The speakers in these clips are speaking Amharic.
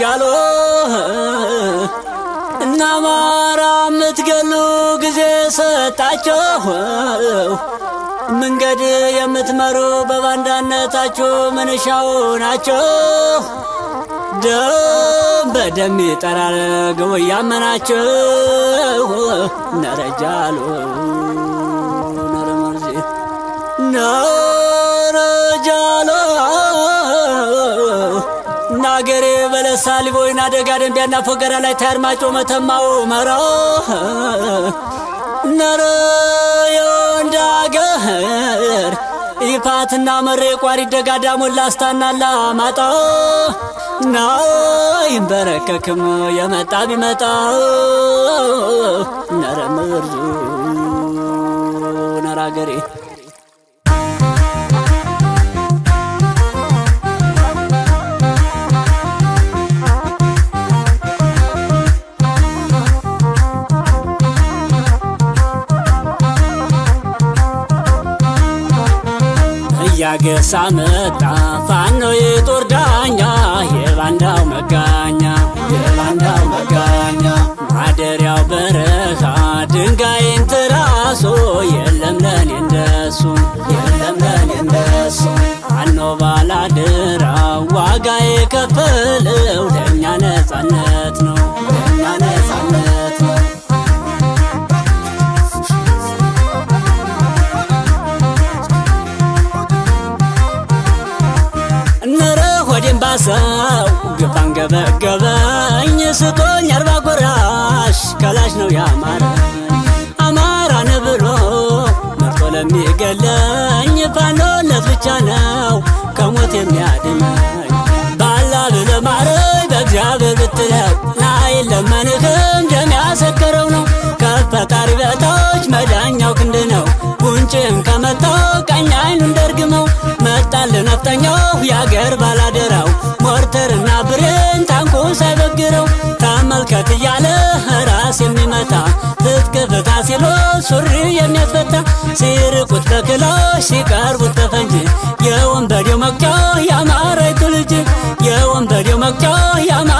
ጃሎ እና አማራ የምትገሉ ጊዜ ሰጣቸው መንገድ የምትመሩ በባንዳነታችሁ ምንሻው ናቸው። ደም በደም ይጠራል ግቡ ነረጃሉ ናረ ጃላ ናገሬ በለሳ ሊቦይና ደጋ ደንቢያና ፎገራ ላይ ታርማጮ መተማው መራ ነረ የወንዳገር ይፋትና መሬ ቋሪ ደጋ ዳሞን ላስታና ላማጣ ና ይንበረከክም የመጣ ቢመጣ ነረ ምርዙ ነራ ገሬ ሞገስ መጣ ፋኖ የጦር ዳኛ የባንዳው መጋኛ የባንዳው መጋኛ ማደሪያው በረኻ ድንጋይን ትራሶ የለም ለኔ እንደሱ የለም ለኔ እንደሱ አኖ ባላደራ ዋጋ የከፈለው ሰው ግፋን ገበገበኝ ስቶኝ አርባ ጎራሽ ከላሽ ነው ያማረ አማራን ብሎ መርጦ ለሚገለኝ ፋኖነት ብቻ ነው ከሞት የሚያድነኝ ባላ ብለ ማረኝ በእግዚአብሔር ብትለው ናይ ለመንህም ደም ያሰከረው ነው ከፈጣሪ በታች መዳኛው ክንድ ነው ጉንጭም ከመታው ቀኝ አይኑን ደርግመው መጣል ነፍጠኛው ያገር ባላ አተርና ብርን ታንኩ ሳይበግረው ተመልከት እያለ ራስ የሚመታ ትጥቅ ፍታ ሲሎ ሱሪ የሚያስፈታ ሲርቁት በክላሽ ሲቀርቡት በፈንጂ የወንበዴው መቅጫው ያማረይቱ ልጅ የወንበዴው መቅጫው ያማ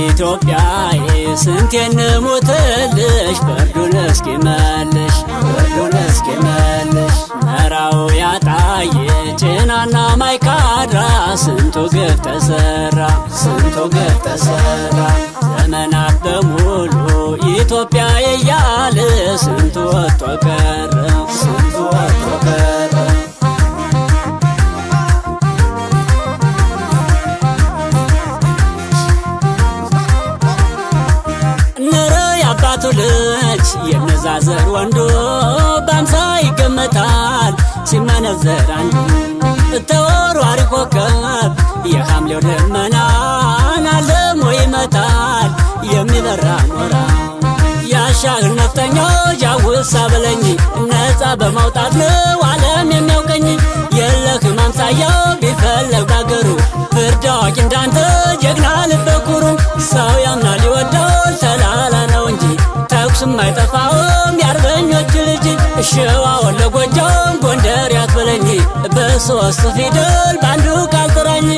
ኢትዮጵያዬ ስንቴን ሞተልሽ ፍርዱን እስኪመልሽ ፍርዱን እስኪመልሽ መራው ያጣየ ጭናና ማይካድራ ስንቱ ግፍ ተሰራ ስንቱ ግፍ ተሰራ ዘመናት በሙሉ ኢትዮጵያ እያለ ስንቱ ወጥቶ ቀረ የአባቱ ልጅ የነዛ ዘር ወንዱ በአምሳ ይገመታል ሲመነዘር አንዱ ተወርዋሪ ኮከብ የሐምሌው ደመናን አለሞ ይመታል የሚበራ ኖራ ያሻህን ነፍጠኞች ጃውሳ በለኝ ነፃ በማውጣት ነው አይጠፋውም የአርበኞች ልጅ እሸዋውን ለጎጃም ጎንደር ያትበለኝ በሶስት ፊደል በአንዱ ቃል ጥራኝ